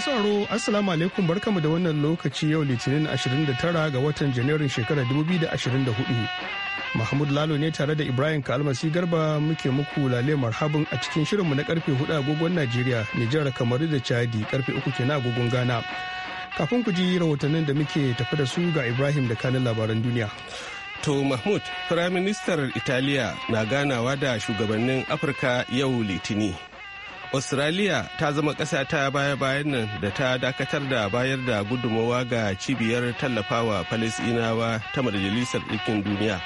Masu Assalamu alaikum barkamu da wannan lokaci yau Litinin 29 ga watan Janairun shekarar 2024. Mahmud Lalo ne tare da Ibrahim Kalmasi Garba muke muku lale marhabin a cikin shirinmu na karfe 4 agogon Najeriya, Nijar kamar da Chadi karfe 3 kenan agogon Ghana. Kafin ku ji rahotannin da muke tafi da su ga Ibrahim da kanin labaran duniya. To Mahmud, Firaministar Italiya na ganawa da shugabannin Afirka yau Litini. australia ta zama ƙasa ta baya-bayan nan da ta dakatar da bayar da gudummawa ga cibiyar tallafawa falastinawa ta majalisar ɗinkin duniya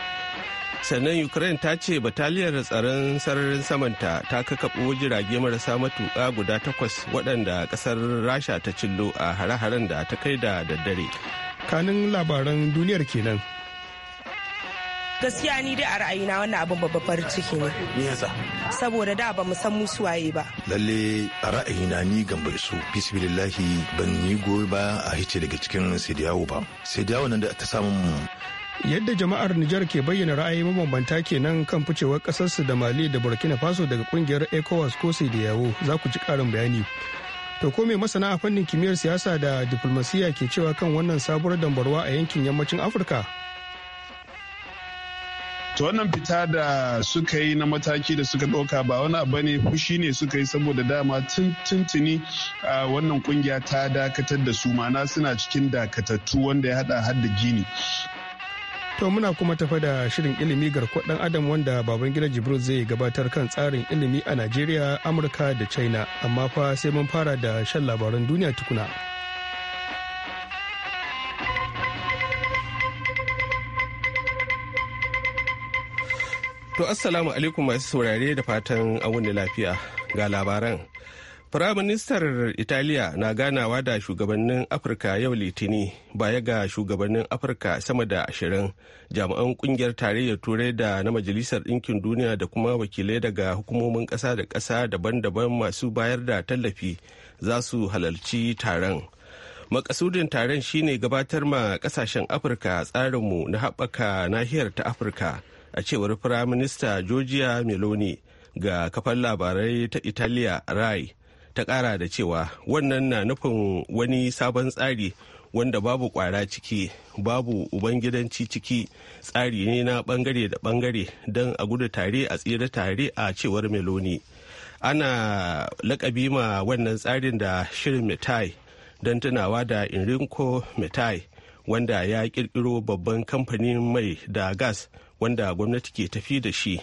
sannan ukraine ta ce bataliyar tsaron sararin samanta ta kakaɓo jirage marasa matuƙa guda takwas waɗanda ƙasar rasha ta cillo a hare-haren da ta kai da daddare kanin labaran duniyar kenan gaskiya ni dai a ra'ayina wannan abin babban farin ciki ne yasa saboda da ba mu san musu waye ba lalle a ra'ayina ni gambar su bismillahi ban yi goyi ba a hice daga cikin sidiyawo ba sidiyawo nan da ta samu yadda jama'ar Nijar ke bayyana ra'ayi mabambanta kenan kan ficewar kasarsu da Mali da Burkina Faso daga kungiyar ECOWAS ko yawo za ku ji karin bayani. To ko mai masana a fannin kimiyyar siyasa da diplomasiya ke cewa kan wannan sabuwar dambarwa a yankin yammacin Afirka? to wannan fita da suka yi na mataki da suka ɗauka ba wani abu ne fushi ne suka yi saboda dama tuntuni a wannan kungiya ta dakatar da su mana suna cikin dakatattu wanda ya hada har gini To muna kuma tafa da shirin ilimi garkuwar dan adam wanda baban gida Jibril zai gabatar kan tsarin ilimi a Najeriya, Amurka da China, amma fa sai mun fara da shan labaran duniya tukuna. To assalamu alaikum masu saurare da fatan wuni lafiya ga labaran. Firaministar Italiya na ganawa da shugabannin Afirka yau litini baya ga shugabannin Afirka sama da ashirin jami'an kungiyar tarayyar turai da na Majalisar Ɗinkin Duniya da kuma wakilai daga hukumomin ƙasa da ƙasa daban-daban masu bayar da tallafi za su halarci taron. Makasudin taron shine gabatar ma ƙasashen Afirka tsarinmu na haɓaka nahiyar ta Afirka. a cewar firaminista georgia meloni ga kafar labarai ta italiya rai ta kara da cewa wannan na nufin wani sabon tsari wanda babu kwara ciki babu ubangidanci ciki tsari ne na bangare da bangare don a gudu tare a tsira tare a cewar meloni ana lakabi ma wannan tsarin da shirin metai don tunawa da enrico metai wanda ya kirkiro babban kamfanin mai da gas wanda gwamnati ke tafi da shi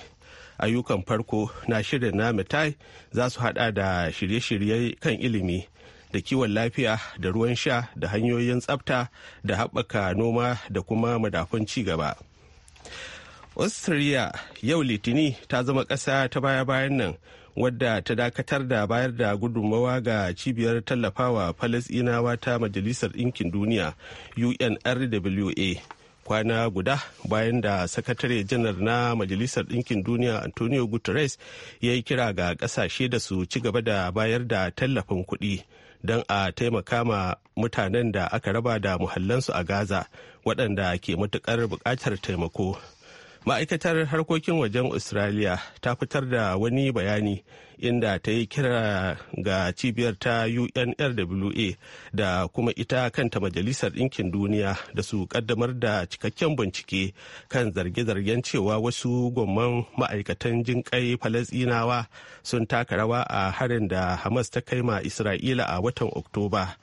ayyukan farko na shirin na mitai za su hada da shirye-shirye kan ilimi da kiwon lafiya da ruwan sha da hanyoyin tsabta da haɓaka noma da kuma madafun gaba. australia yau litini ta zama ƙasa ta baya-bayan nan wadda ta dakatar da bayar da gudunmawa ga cibiyar tallafawa falasinawa ta majalisar ɗinkin duniya unrwa kwana guda bayan da sakatare janar na majalisar ɗinkin duniya antonio guterres ya yi kira ga ƙasashe da su ci gaba da bayar da tallafin kuɗi don a taimaka ma mutanen da aka raba da muhallansu a gaza waɗanda ke matuƙar buƙatar taimako ma'aikatar harkokin wajen australia ta fitar da wani bayani inda ta yi kira ga cibiyar ta unrwa da kuma ita kanta majalisar ɗinkin duniya da su ƙaddamar da cikakken bincike kan zarge-zargen cewa wasu gwamman ma'aikatan jinƙai falasinawa sun taka rawa a harin da hamas ta kai ma isra'ila a watan oktoba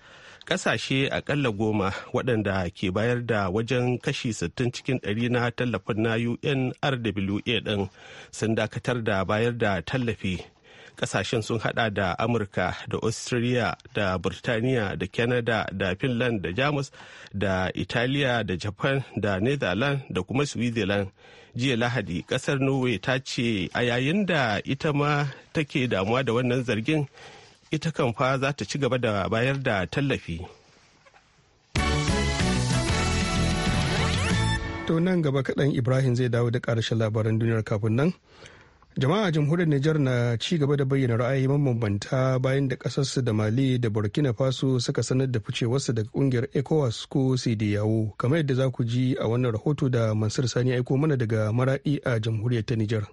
kasashe akalla goma waɗanda ke bayar da wajen kashi 60 cikin ɗari na tallafin na unrwa ɗin sun dakatar da bayar da tallafi kasashen sun hada da amurka da australia da burtaniya da canada da finland da jamus da italiya da japan da netherlands da kuma switzerland jiya lahadi kasar norway ta ce a yayin da ita ma take damuwa da wannan zargin ita kan fa za ta ci gaba da bayar da tallafi. To nan gaba kaɗan Ibrahim zai dawo da ƙarshen labaran duniyar kafin nan. Jama'a jamhuriyar Nijar na ci gaba da bayyana ra'ayi mabambanta bayan da ƙasarsu da Mali da Burkina Faso suka sanar da ficewarsu daga ƙungiyar ECOWAS ko yawo kamar yadda za ku ji a wannan rahoto da Mansur Sani aiko mana daga Maraɗi a jamhuriyar ta Nijar.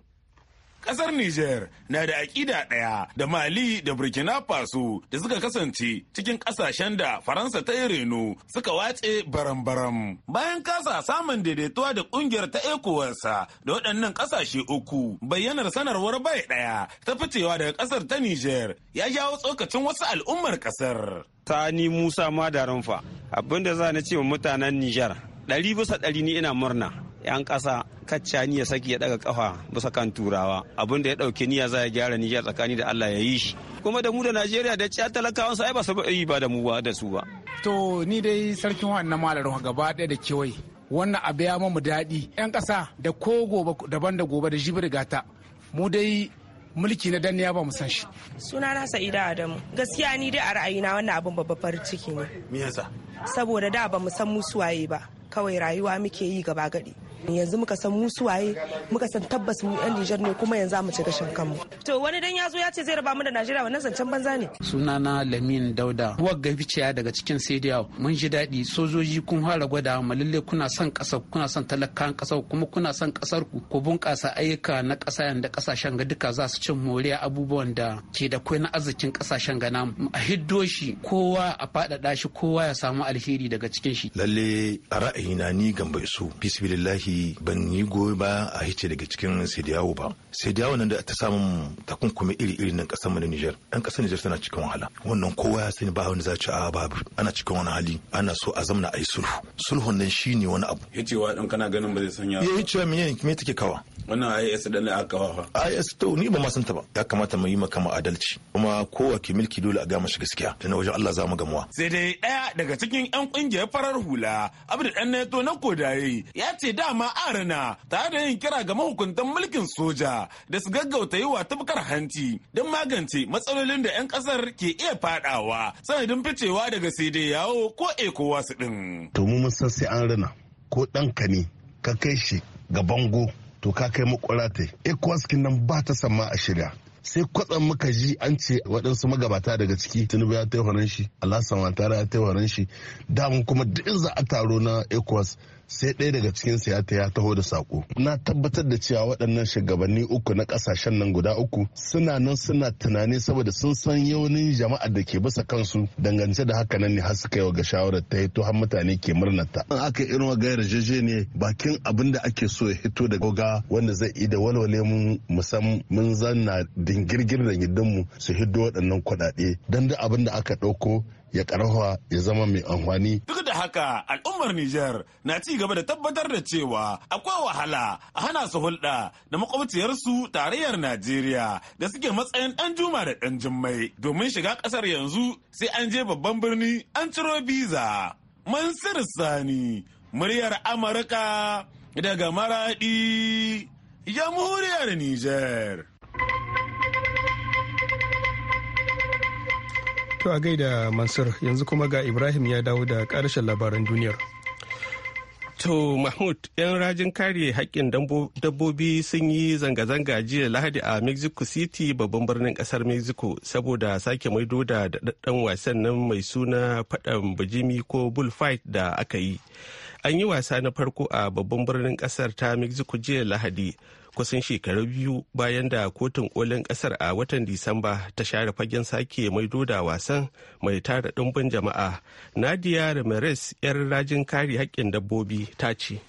Kasar Niger na da aƙida ɗaya da Mali da Burkina Faso da suka kasance cikin ƙasashen da Faransa ta yi reno suka watse baram-baram. Bayan kasa samun daidaituwa da ƙungiyar ta ECOWAS da waɗannan ƙasashe uku bayyanar sanarwar bai ɗaya ta ficewa daga ƙasar ta Niger ya jawo tsokacin wasu al'ummar ƙasar. Sani Musa Madaranfa abinda za na ce wa mutanen niger ɗari bisa ɗari ni ina murna 'yan ƙasa kacca ya saki ya daga kafa bisa kan turawa abin da ya dauke niyya za ya gyara niyya tsakani da Allah ya yi shi kuma da mu da Najeriya da ciya talakawansu ai ba su yi ba da mu ba da su ba to ni dai sarkin wannan malarin gaba ɗaya da kewaye wannan abu ya mamu daɗi 'yan ƙasa da ko gobe daban da gobe da jibir gata mu dai mulki na danniya ba mu san shi suna na sa'ida adamu gaskiya ni dai a ra'ayina wannan abin babbar farin ciki ne me yasa saboda da ba mu san mu suwaye ba kawai rayuwa muke yi gaba gadi yanzu muka san mu suwaye muka san tabbas mu yan Nijar ne kuma yanzu mu ci gashin kanmu to wani dan yazo ya ce zai raba mu da Najeriya wannan zancen banza ne sunana Lamin Dauda wagga ficiya daga cikin Sediya mun ji daɗi sojoji kun fara gwada mu lalle kuna son kasar kuna son talakan ƙasar kuma kuna son kasar ku ku bunƙasa ayyuka na ƙasa yanda ƙasashen ga duka za su cin moriya abubuwan da ke da kwai na arzikin ƙasashen ga namu a hiddo shi kowa a faɗaɗa shi kowa ya samu alheri daga cikin shi lalle a ra'ayina ni gamba isu bismillahi yi ban yi goyi ba a hice daga cikin sediyawo ba sediyawo nan da ta samu takunkumi iri-iri nan kasar mu na niger ɗan kasar niger tana cikin wahala wannan kowa ya sani ba wani za ci a babu ana cikin wani hali ana so a zamna a yi sulhu sulhun nan shine wani abu hicewa ɗan kana ganin ba zai sanya ya hicewa me me take kawa wannan IS ɗin ne aka kawa fa IS to ni ba ma san ta ba ya kamata mu yi maka adalci kuma kowa ke milki dole a ga mashi gaskiya da na wajen Allah za mu gamuwa sai dai ɗaya daga cikin 'yan kungiyar farar hula Abdul Ɗan na kodaye ya ce dama zama arna tare da yin kira ga mahukuntan mulkin soja da su gaggauta yi wa tafkar hanti don magance matsalolin da 'yan kasar ke iya fadawa sanadin ficewa daga sai dai yawo ko ekowa su din. To mu mun san sai an rina ko ɗanka ne ka kai shi ga bango to ka kai makwara ta ekowas nan ba ta sama a shirya sai kwatsan muka ji an ce waɗansu magabata daga ciki tinubu ya taiwaran shi alhassan watara ya taiwaran shi damun kuma duk za a taro na ecowas sai ɗaya daga cikin ya ta ya taho da sako na tabbatar da cewa waɗannan shugabanni uku na ƙasashen nan guda uku suna nan suna tunani saboda sun san yawanin jama'ar da ke bisa kansu dangance da haka nan ne har suka yi ga shawarar ta hito har mutane ke murnarta an aka irin wa gayar ne bakin abin da ake so ya hito da goga wanda zai yi da walwale mu musam mun zanna dingirgir da gidanmu su hiddo waɗannan kuɗaɗe don da abin da aka ɗauko ya karawa ya zama mai amfani. Duk da haka al'ummar Nijar na ci gaba da tabbatar da cewa akwai wahala a hana su hulɗa da makwabciyarsu tarayyar Najeriya da suke matsayin ɗan juma da ɗan jummai domin shiga ƙasar yanzu sai an je babban birni an ciro biza. Mansur Sani muryar Amurka daga Maraɗi jamhuriyar Nijar. To a gaida Mansur yanzu kuma ga Ibrahim ya dawo da karshen labaran duniyar. To Mahmud, 'yan rajin kare haƙƙin dabbobi sun yi zanga-zanga jiya Lahadi a Mexico City babban birnin ƙasar Mexico saboda sake maido da daɗaɗɗen wasan nan mai suna faɗan bijimi ko bullfight da aka yi. An yi wasa na farko a babban birnin ƙasar ta Mexico jiya Lahadi kusan shekaru biyu bayan da kotun kolin kasar a watan disamba ta share fagen sake maido da wasan mai tara ɗumbin jama'a nadia ramirez yar rajin kare haƙƙin dabbobi ta ce eh,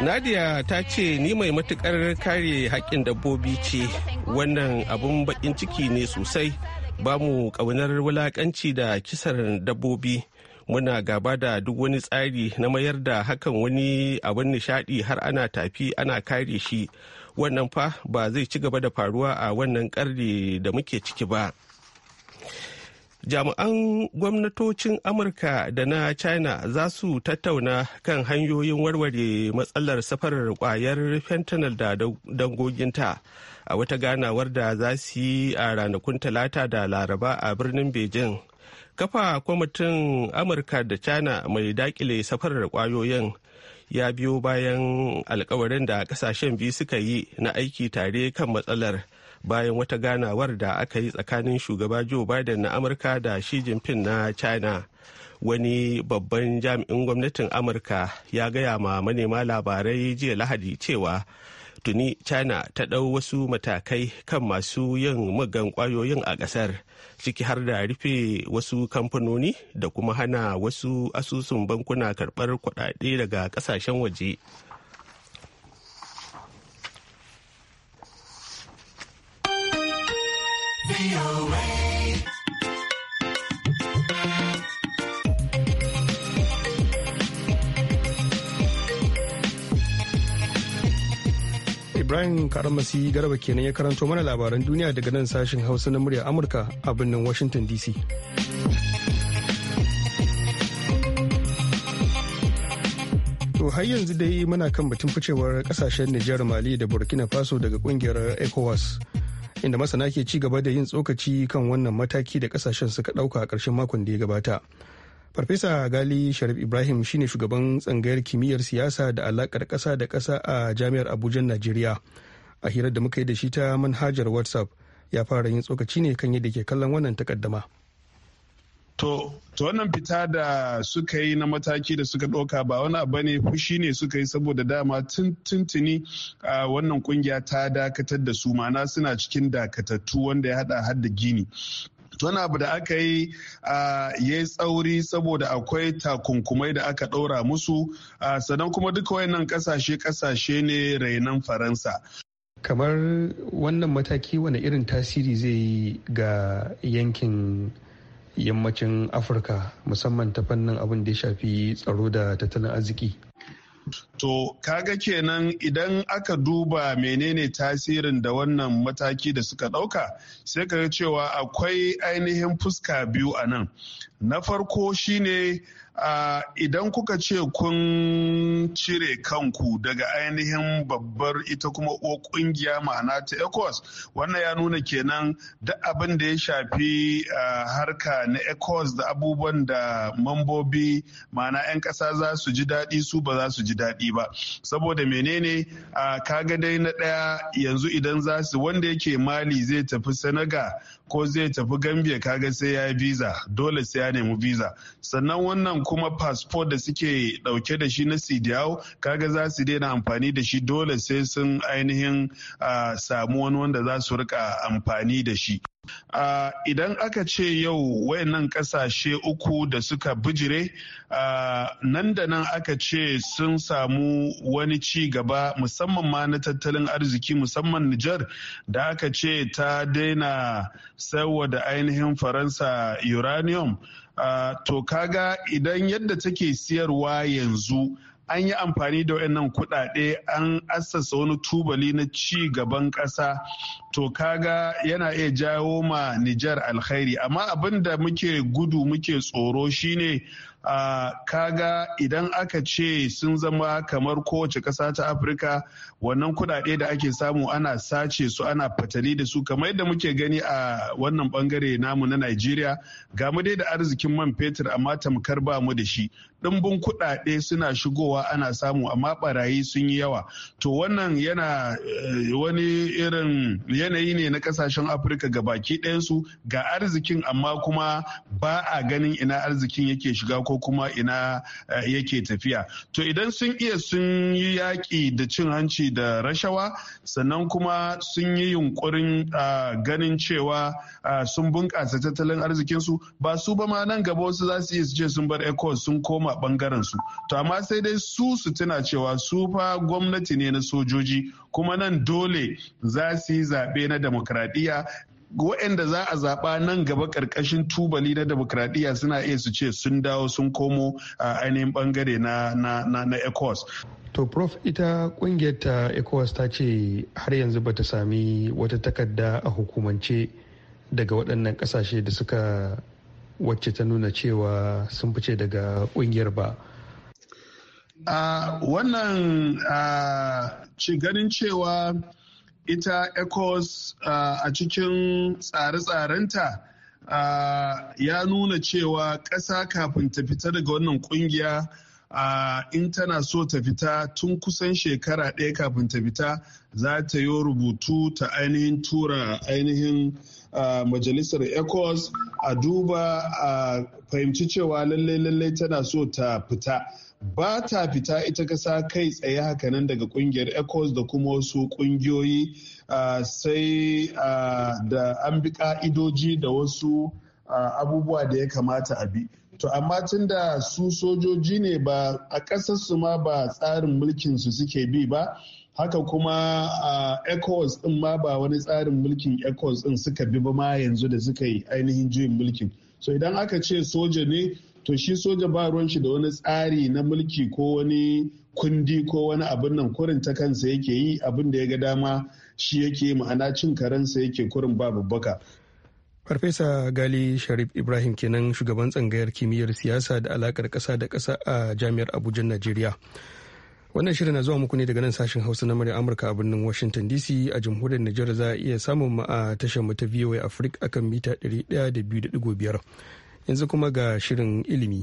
Nadia ta ce ni mai matukar kare haƙƙin dabbobi ce wannan abun baƙin ciki ne sosai ba mu ƙaunar wulaƙanci da kisar dabbobi muna gaba da duk wani tsari na mayar da hakan wani abin nishadi har ana tafi ana kare shi wannan fa ba zai ci gaba da faruwa a wannan karni da muke ciki ba jami'an gwamnatocin amurka da na china za su tattauna kan hanyoyin warware matsalar safarar kwayar fentanyl da dangoginta a wata ganawar da za su yi a ranakun talata da laraba a birnin beijing kafa kwamitin amurka da china mai dakile safarar kwayoyin ya biyo bayan alkawarin da kasashen biyu suka yi na aiki tare kan matsalar bayan wata ganawar da aka yi tsakanin shugaba joe biden na amurka da shi jinping na china wani babban jami'in gwamnatin amurka ya gaya ma manema labarai jiya lahadi cewa tuni china ta ɗau wasu matakai kan masu yin mugan ƙwayoyin a ƙasar ciki har da rufe wasu kamfanoni da kuma hana wasu asusun bankuna karɓar kuɗaɗe daga ƙasashen waje Ibrahim Karamasi Garba kenan ya karanto mana labaran duniya daga nan sashen Hausa na muryar Amurka a birnin Washington DC. To har yanzu dai muna kan batun ficewar kasashen Nijar Mali da Burkina Faso daga kungiyar ECOWAS. Inda masana ke ci gaba da yin tsokaci kan wannan mataki da kasashen suka dauka a karshen makon da ya gabata. farfesa gali sharif ibrahim shine shugaban tsangayar kimiyyar siyasa da alakar kasa da ƙasa a jami'ar abuja najeriya a hirar da muka yi da shi ta manhajar whatsapp ya fara yin tsokaci ne kan yadda ke kallon wannan takaddama To, to wannan fita da suka yi na mataki da suka ɗauka ba wani abu ne fushi ne suka yi saboda dama tuntuni a wannan kungiya ta dakatar da su mana suna cikin dakatattu wanda ya hada har da gini. wani abu da aka yi ya yi tsauri saboda akwai takunkumai da aka ɗora musu sannan kuma duka wayannan kasashe kasashe ne rainan faransa kamar wannan mataki wani irin tasiri zai yi ga yankin yammacin afirka musamman ta fannin abin da ya shafi tsaro da tattalin arziki To kaga kenan idan aka duba menene tasirin da wannan mataki da suka ɗauka sai ka ga cewa akwai ainihin fuska biyu a nan. Na farko shine ne idan kuka ce kun cire kanku daga ainihin babbar ita kuma ƙungiya kungiya ma'ana ta ECOWAS wannan ya nuna kenan duk abin da ya shafi harka na ECOWAS da abubuwan da mambobi ma'ana 'yan ƙasa za su ji daɗi su ba za su ji daɗi ba saboda menene a kaga dai na ɗaya yanzu idan za su wanda yake mali zai tafi senegal ko zai tafi gambia kaga sai ya yi visa dole sai ya nemi visa sannan wannan kuma passport da suke dauke da shi na sidiyawo kaga za su daina amfani da shi dole sai sun ainihin samu wani wanda za su rika amfani da shi idan aka ce yau wayannan kasashe uku da suka bijire uh, nan da nan aka ce sun samu wani ci gaba musamman ma na tattalin arziki musamman Nijar da aka ce ta daina saboda ainihin faransa uranium uh, to kaga idan yadda take siyarwa yanzu an yi amfani da wayannan kudade an assasa wani tubali na ci gaban ƙasa to kaga yana iya jawo ma Nijar alkhairi amma abin da muke gudu muke tsoro shine a kaga idan aka ce sun zama kamar kowace ƙasa ta afirka wannan kuɗaɗe da ake samu ana sace su ana fatali da su kamar yadda muke gani a wannan bangare namu na nigeria ga dai da arzikin man fetur amma tamkar ba mu da shi ɗimbin kuɗaɗe suna shigowa ana samu amma barayi sun yi yawa to wannan yana eh, wani irin yanayi ne na ƙasashen afirka ga baki ɗayansu ga arzikin amma kuma ba a ganin ina arzikin yake shiga ko kuma ina eh, yake tafiya to idan sun iya sun yi yaƙi da cin hanci da rashawa sannan kuma sun yi yunkurin eh, ganin cewa sun bunƙasa tattalin arzikinsu ba su ba ma nan gaba wasu za su iya su je sun bar ecos sun koma a bangaren su to amma sai dai su su tuna cewa su fa gwamnati ne na sojoji kuma nan dole za su yi zaɓe na demokradiyya waɗanda za a zaɓa nan gaba ƙarƙashin tubali na demokradiyya suna iya su ce sun dawo sun komo a ainihin bangare na, na, na, na ecos to prof ita ƙungiyar ta ecos ta ce har yanzu bata sami wata takarda a hukumance daga waɗannan ƙasashe da suka wacce ta nuna cewa sun fice daga kungiyar ba uh, wannan uh, ci ganin cewa ita ecos a cikin tsare-tsarenta uh, ya nuna cewa ƙasa kafin ta fita daga wannan kungiya uh, in tana so ta fita tun kusan shekara ɗaya kafin ta fita za ta yi rubutu ta ainihin tura ainihin majalisar ecos a duba a fahimci cewa lallai-lallai tana so ta fita ba ta fita ita kasa kai tsaye hakanan daga kungiyar ecos da kuma wasu kungiyoyi sai da an bi ka'idoji da wasu abubuwa da ya kamata a bi to amma tun da su sojoji ne ba a ƙasarsu ma ba tsarin mulkin su suke bi ba haka kuma a ecos din ma ba wani tsarin mulkin ecos din suka bi ba ma yanzu da suka yi ainihin juyin mulkin so idan aka ce soja ne to shi soja ba ruwan shi da wani tsari na mulki ko wani kundi ko wani abin nan kurin ta kansa yake yi abin da ya ga dama shi yake ma'ana cin karensa yake kurin ba babbaka Farfesa Gali Sharif Ibrahim kenan shugaban tsangayar kimiyyar siyasa da alakar ƙasa da kasa a Jami'ar Abuja, Najeriya. Wannan shirin na zuwa muku ne daga nan sashen Hausa na murya Amurka a birnin Washington DC a jamhuriyar Nijar za a iya samun mu a tashar mu ta VOA Africa akan mita 102.5. Yanzu kuma ga shirin ilimi.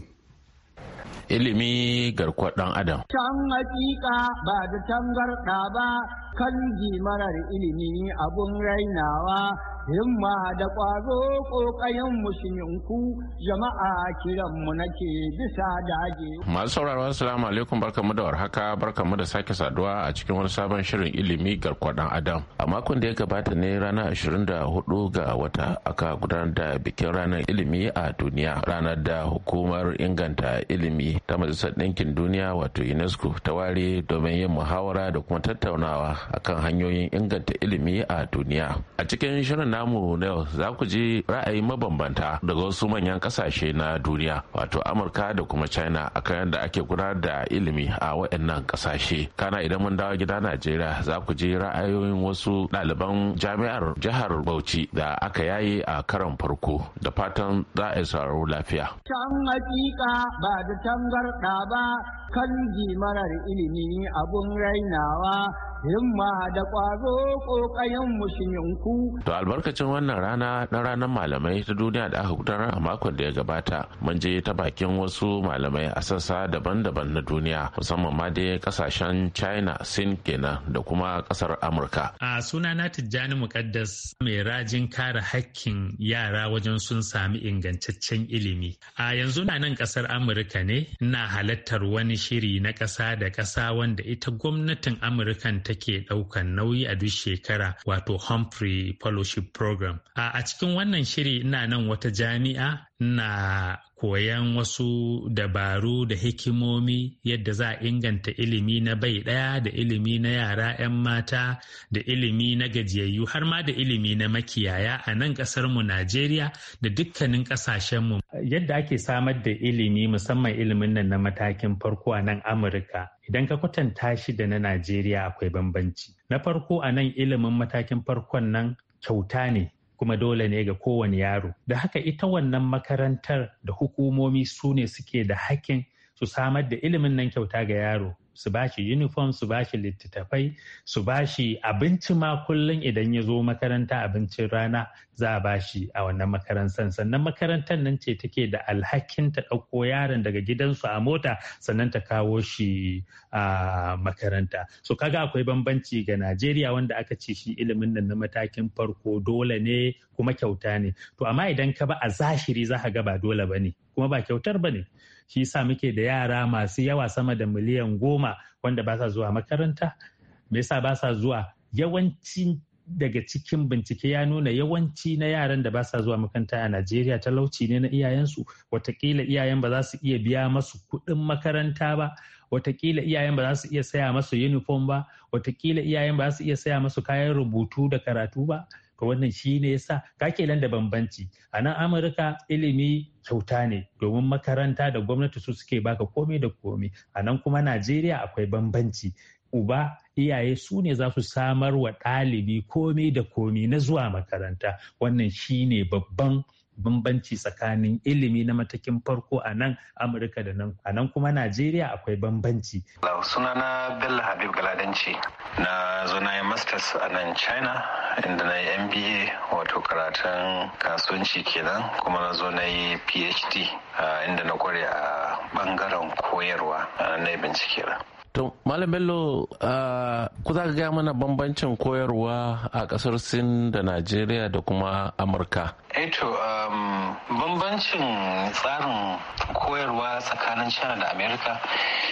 Ilimi garkuwar dan Adam. Can hakika ba da tangarda ba kalji marar ilimi abun rainawa himma da ƙwazo ƙoƙayen musulunku jama'a kiranmu nake bisa dage Masu sauraro assalamu alaikum barkamu da warhaka barkamu da sake saduwa a cikin wani sabon shirin ilimi garkwadan adam. A makon da ya gabata ne ranar 24 ga wata aka gudanar da bikin ranar ilimi a duniya ranar da hukumar inganta ilimi ta majalisar ɗinkin duniya wato UNESCO ta ware domin yin muhawara da kuma tattaunawa akan hanyoyin inganta ilimi a duniya a cikin shirin namu na yau za ku ji ra'ayi mabambanta daga wasu manyan kasashe na duniya wato amurka da kuma china akan yadda ake gudanar da ilimi a waɗannan kasashe kana idan mun dawo gida najeriya za ku ji ra'ayoyin wasu ɗaliban jami'ar jihar bauchi da aka yaye a karon farko da fatan za a sauraro lafiya can hakika ba da tangarɗa ba kan marar ilimi abun rainawa himma ma da ƙwazo ƙoƙayen mushiminku. To albarkacin wannan rana na ranar malamai ta duniya da aka gudanar a makon da ya gabata mun je ta bakin wasu malamai a sassa daban-daban na duniya musamman ma dai kasashen China, Sin kenan da kuma ƙasar Amurka. A na Tijjani Muƙaddas mai rajin kare hakkin yara wajen sun sami ingantaccen ilimi. A yanzu na nan ƙasar Amurka ne na halartar wani shiri na ƙasa da ƙasa wanda ita gwamnatin Amurkan take ɗaukan nauyi a duk shekara wato Humphrey Fellowship Program. A cikin wannan shiri ina nan wata jami'a na koyan wasu dabaru da hikimomi yadda za a inganta ilimi na bai ɗaya da ilimi na yara 'yan mata da ilimi na gajiyayyu har ma da ilimi na makiyaya a nan ƙasarmu Najeriya da dukkanin ƙasashenmu. Yadda ake samar da ilimi musamman ilimin nan na matakin farko a nan Amurka idan ka kwatanta shi da na Najeriya akwai bambanci. Na farko a nan ilimin matakin farkon nan kyauta ne kuma dole ne ga kowane yaro da haka ita wannan makarantar da hukumomi su ne suke da hakin su samar da ilimin nan kyauta ga yaro su ba shi uniform su bashi littattafai su bashi abinci ma kullum idan ya zo makaranta abincin rana za a bashi a wannan makarantar sannan makarantar nan ce take da alhakin ta ɗauko yaron daga gidansu a mota sannan ta kawo shi a makaranta so kaga akwai bambanci ga najeriya wanda aka ce shi ilimin nan na matakin farko dole ne kuma kyauta ne to amma idan ka ba a zahiri za ka ga ba dole ba ne kuma ba kyautar ba ne shi yasa muke da yara masu yawa sama da miliyan goma wanda ba sa zuwa makaranta me yasa ba sa zuwa yawanci daga cikin bincike ya nuna yawanci na yaran da ba sa zuwa makaranta a Najeriya talauci ne na iyayensu watakila iyayen ba za su iya biya masu kuɗin makaranta ba watakila iyayen ba za su iya saya masu uniform ba watakila iyayen ba za su iya saya masu kayan rubutu da karatu ba ka wannan shi ne ya yasa kake nan da bambanci a nan amurka ilimi kyauta ne domin makaranta da gwamnati su suke baka komai da komai a nan kuma najeriya akwai bambanci uba iyaye su ne za su samar wa ɗalibi komai da komai na zuwa makaranta wannan shi ne babban bambanci tsakanin ilimi na matakin farko a nan amurka da nan a nan kuma najeriya akwai bambanci sunana bello habib galadanci na zo na yi masters a nan china inda na yi mba wato karatun kasuwanci kenan kuma na zo na yi phd inda na kware a bangaren koyarwa na yi bincike To, Malam Bello, ku za ka gaya mana bambancin koyarwa a ƙasar Sin da Najeriya da kuma Amurka? Eto, eh um, bambancin tsarin koyarwa tsakanin China da Amerika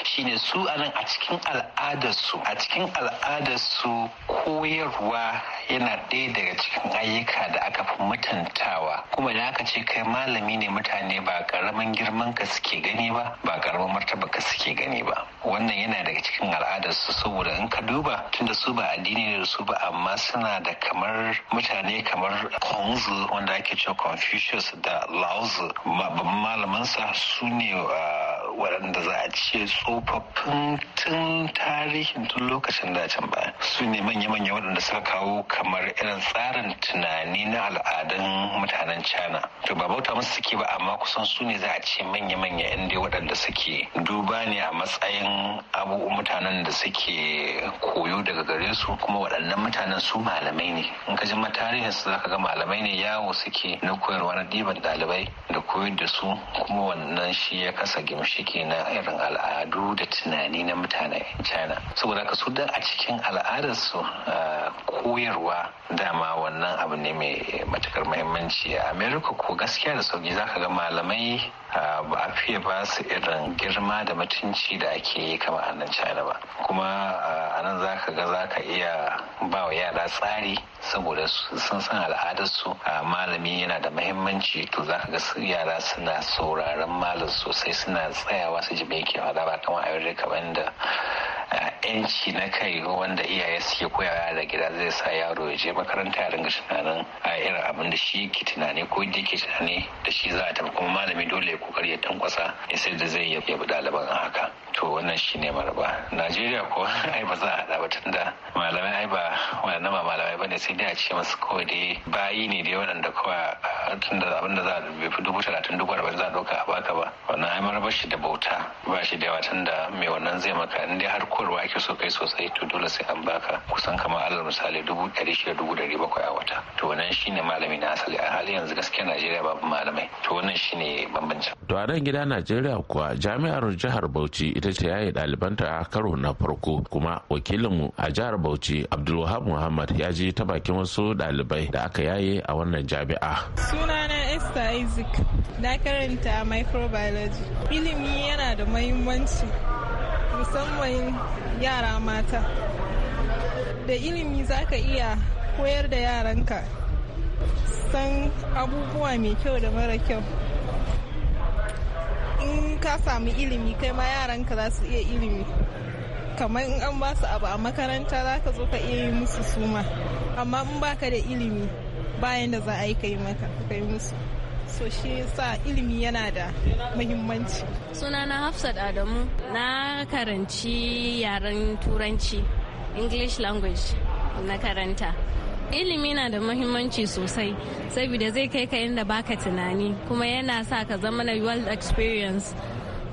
shine su anan a cikin al'adarsu, a cikin al'adarsu koyarwa yana ɗaya daga cikin ayyuka da aka fi mutuntawa. Kuma da aka ce kai malami ne mutane ba ƙaramin girman ka suke gani ba, ba ƙaramin martaba ka suke gani ba. Wannan yana da daga cikin al'adarsu saboda in ka duba tun da su ba addini ne da su ba amma suna da kamar mutane kamar Kongzi wanda ake cewa Confucius da Laozi babban malamansa su ne ah, waɗanda za a ce tsofaffin tun tarihin tun lokacin dacin baya su ne manya-manya waɗanda suka kawo kamar irin tsarin tunani na al'adun mutanen china to ba bauta musu suke ba amma kusan su ne za a ce manya-manya inda waɗanda suke duba ne a matsayin abubuwan mutanen da suke koyo daga gare su kuma waɗannan mutanen su malamai ne in ka ji matarihin su zaka ga malamai ne yawo suke na koyarwa na ɗiban ɗalibai da koyar da su kuma wannan shi ya kasa gimshi ciki na irin al'adu da tunani na mutane china saboda ka su dan a cikin al'adarsu eh, koyarwa dama wannan abu ne mai matukar muhimmanci a america ko gaskiya da sauki zaka ga malamai ba a fiye ba su irin girma da mutunci da ake yi kama a nan china ba kuma a nan za ka ga za ka iya ba wa yara tsari saboda sun san al'adarsu a malami yana da mahimmanci to za ka ga yara suna sauraron malam sosai suna tsayawa su ji mai yake faɗa ba kamar a yi yanci na kai wanda iyaye suke koyawa da gida zai sa yaro ya je makaranta ya ringa tunanin a irin abin da shi ke tunani ko inda ke tunani da shi za a tafi kuma malami dole ya kokari ya tankwasa ya sai da zai yabi ɗaliban a haka to wannan shi ne maraba najeriya ko ai ba za a haɗa ba tunda malamai ai ba waɗannan ba malamai ba ne sai dai a ce masu kawai dai bayi ne dai waɗanda kawai tunda abin da za a fi dubu talatin dubu arba'in za a ɗauka a baka ba wannan ai maraba shi da bauta ba shi da yawa tunda mai wannan zai maka in dai har korwa ake so kai sosai to dole sai an baka kusan kamar alal misali dubu ɗari shida dubu ɗari bakwai shine malami na asali a halin yanzu gaskiya najeriya babu malamai to wannan shine bambancin to a nan gida najeriya kuwa jami'ar jihar bauchi ita ce yaye ɗalibanta a karo na farko kuma wakilinmu a jihar bauchi abdulwahab muhammad ya je ta bakin wasu ɗalibai da aka yaye a wannan jami'a sunana esther isaac na karanta microbiology ilimi yana da mahimmanci musamman yara mata da ilimi zaka iya koyar da yaranka san abubuwa mai kyau da mara kyau in ka samu ilimi kai ma yaranka za su iya ilimi kamar in an ba su abu a makaranta za ka zo ka iya yi musu suma amma in baka da ilimi bayan da za a yi kai maka kai musu so shi sa ilimi yana da muhimmanci sunana hafsat adamu na karanci yaren turanci english language na karanta ilimi na da muhimmanci sosai saboda zai kai ka inda baka tunani kuma yana sa ka zama na world experience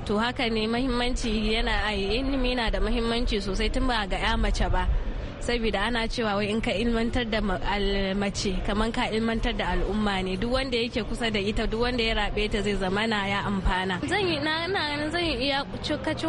to haka ne muhimmanci yana ai ilimi na da muhimmanci sosai tun ba ga ya mace ba saboda ana cewa wai in ka ilmantar da mace kamar ka ilmantar da al'umma ne duk wanda yake kusa da ita duk wanda ya rabe ta zai zama na ya amfana zan yi na zan yi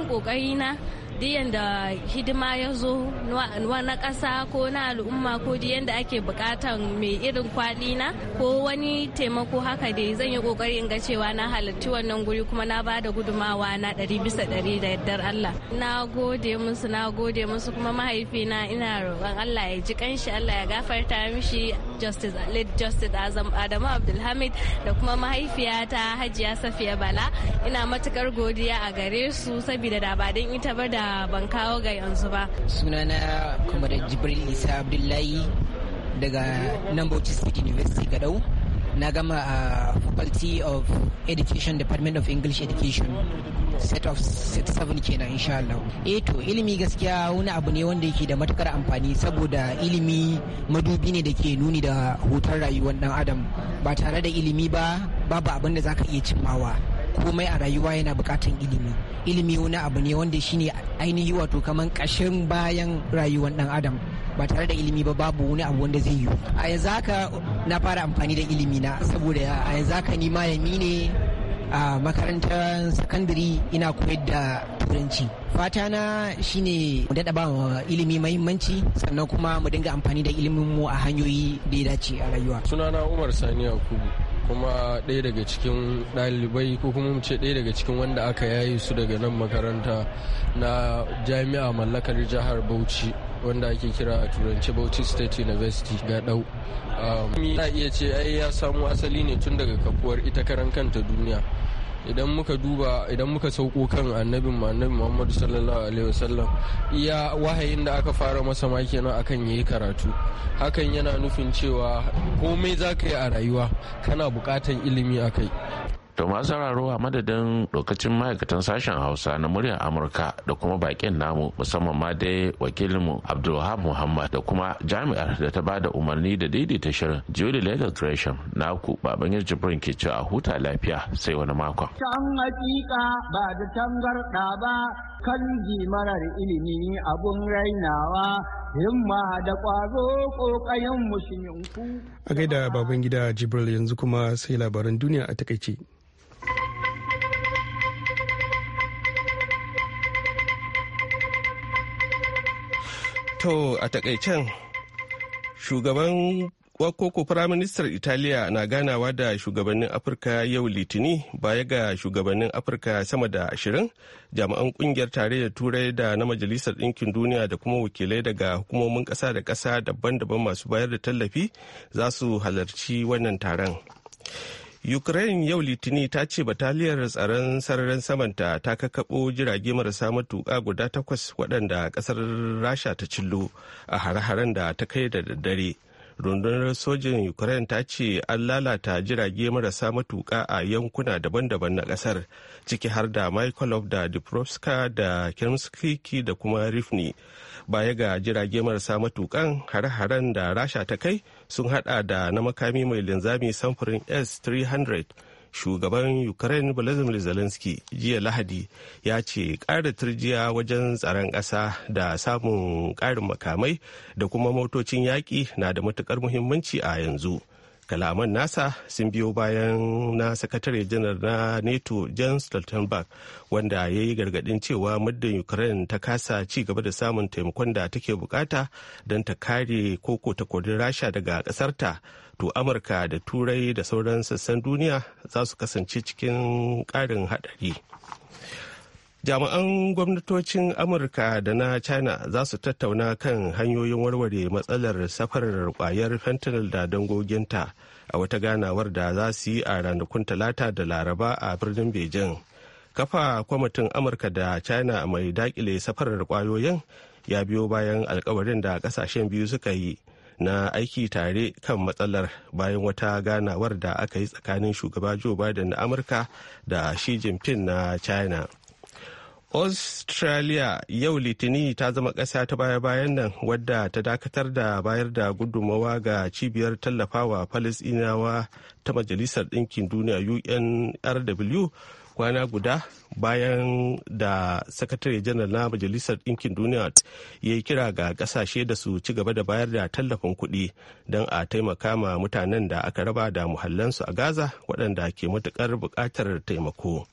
kokari na diyan da hidima ya zo na ƙasa ko na al'umma ko diyan da ake buƙatan mai irin kwali na ko wani taimako haka dai zan yi ƙoƙari in ga cewa na halarci wannan guri kuma na ba da gudumawa na ɗari bisa ɗari da yardar Allah. Na gode musu na gode musu kuma mahaifina ina roƙon Allah ya ji kanshi Allah ya gafarta mishi justice late justice azam adamu abdulhamid da kuma mahaifiyata hajiya safiya bala ina matukar godiya a gare su saboda da ba don ita ba da ban kawo ga yanzu ba sunana kuma da jibril isa abdullahi daga nan state university gadau na gama a uh, faculty of education department of english education set of set seven kenan insha Allah eh to ilimi gaskiya wani abu ne wanda yake da matukar amfani saboda ilimi madubi ne da ke nuni da hutar rayuwar dan adam ba tare da ilimi ba babu abin da zaka iya cimmawa komai a rayuwa yana bukatan ilimi ilimi wani abu ne wanda shine ainihi wato kaman kashin bayan rayuwar dan adam ba tare da ilimi ba babu wani abu wanda zai yi a yanzu haka na fara amfani da ilimi na saboda a yanzu haka ni malami ne a makarantar sakandare ina koyar da turanci fata na shine mu daɗa ba ilimi mahimmanci sannan kuma mu dinga amfani da ilimin mu a hanyoyi da ya dace a rayuwa sunana umar sani yakubu kuma ɗaya daga cikin ɗalibai ko kuma mu ce ɗaya daga cikin wanda aka yayi su daga nan makaranta na jami'a mallakar jihar bauchi wanda ake kira a turanci bauchi state university ga ɗau um, za iya ce ai ya samu asali ne tun daga kafuwar ita karan kanta duniya idan muka duba idan muka sauko kan annabin annabi muhammadu sallallahu alaihi wasallam iya wahayin da aka fara masa ma kenan akan yayi karatu hakan yana nufin cewa komai za ka yi a rayuwa kana bukatan ilimi a kai To masu sauraro a madadin lokacin ma'aikatan sashen Hausa na muryar Amurka da kuma bakin namu musamman ma dai wakilinmu Abdulwahab Muhammad da kuma jami'ar da ta bada umarni da daidaita shirin da Legal Creation na ku baban Jibrin ke cewa huta lafiya sai wani makon. Can hakika ba da tangarda ba kan marar ilimi abun rainawa himma da ƙwazo mushin mushiminku. A gaida baban Jibril yanzu kuma sai labaran duniya a takaice. To a takaicen shugaban wakoko firaministar Italiya na ganawa da shugabannin Afirka yau litini baya ga shugabannin Afirka sama da ashirin jami'an kungiyar tarayyar turai da na majalisar ɗinkin duniya da kuma wakilai daga hukumomin ƙasa da ƙasa daban-daban masu bayar da tallafi za su halarci wannan taron. Ukraine yau Litini ta ce bataliyar tsaron sararin samanta ta kakkaɓo jirage marasa matuƙa guda takwas waɗanda ƙasar Rasha ta cillo a hare-haren da ta kai da daddare. rundunar sojin ukraine ta ce an lalata jirage marasa matuka a yankuna daban-daban na kasar ciki har da mykolob da diprovska da kemskiki da kuma rifni baya ga jirage marasa matukan hare-haren da rasha ta kai sun hada da na makami mai linzami samfurin s 300 shugaban ukraine volodymyr zelensky jiya lahadi ya ce ƙara turjiya wajen tsaron ƙasa da samun ƙarin makamai da kuma motocin yaƙi na da matuƙar muhimmanci a yanzu kalaman nasa sun biyo bayan na sakatare janar na nato jens stoltenberg wanda ya yi gargadin cewa muddin ukraine ta kasa ci gaba da samun taimakon da take bukata don ta kare koko ta kodin rasha daga kasarta to amurka da turai da sauran sassan duniya za su kasance cikin karin hadari jami'an gwamnatocin amurka da na china za su tattauna kan hanyoyin warware matsalar safarar kwayar fentanyl da dangoginta a wata ganawar da za su yi a ranakun talata da laraba a birnin beijing kafa kwamitin amurka da china mai dakile safarar kwayoyin ya biyo bayan alkawarin da kasashen biyu suka yi na aiki tare kan matsalar bayan wata ganawar da aka yi tsakanin shugaba joe biden na amurka da shi jinping na china australia yau litini ta zama ƙasa ta baya-bayan nan wadda ta dakatar da bayar da gudummawa ga cibiyar tallafawa palestinawa ta majalisar ɗinkin duniya unrw kwana guda bayan da sakatare janar na majalisar ɗinkin duniya ya yi kira ga ƙasashe da su ci gaba da bayar da tallafin kuɗi don a taimaka ma mutanen da aka raba da muhallansu a gaza waɗanda ke matuƙar buƙatar taimako.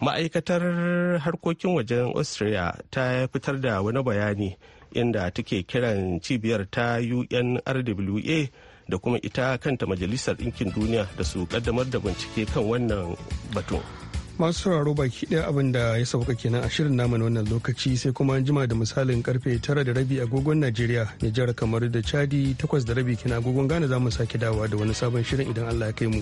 ma'aikatar harkokin wajen austria ta fitar da wani bayani inda take kiran cibiyar ta unrwa da kuma ita kanta majalisar ɗinkin duniya da su kaddamar da bincike kan wannan batun masu sauraro baki ɗaya abin da ya sauka kenan a shirin namu wannan lokaci sai kuma an jima da misalin karfe tara da rabi agogon najeriya nijar kamar da chadi takwas da rabi kina agogon ghana za mu sake dawa da wani sabon shirin idan allah ya kai mu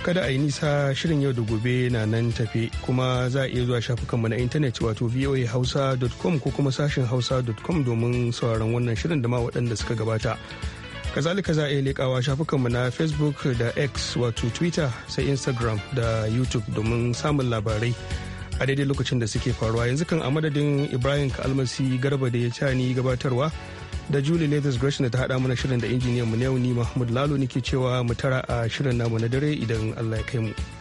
kada a yi nisa shirin yau da gobe na nan tafe kuma za a iya zuwa shafukanmu na intanet wato voahausa.com ko kuma sashin hausa.com domin sauraron wannan shirin da ma waɗanda suka gabata kazalika za a iya leƙawa shafukanmu na facebook da x wato twitter sai instagram da youtube domin samun labarai a daidai lokacin da suke faruwa yanzu kan a madadin ibrahim kalmasi garba da ya ni gabatarwa da julie leathers gresham ta haɗa mana shirin da injiniyan mu yau ni mahmud lalo nake cewa mu tara a shirin namu na dare idan allah ya kai mu.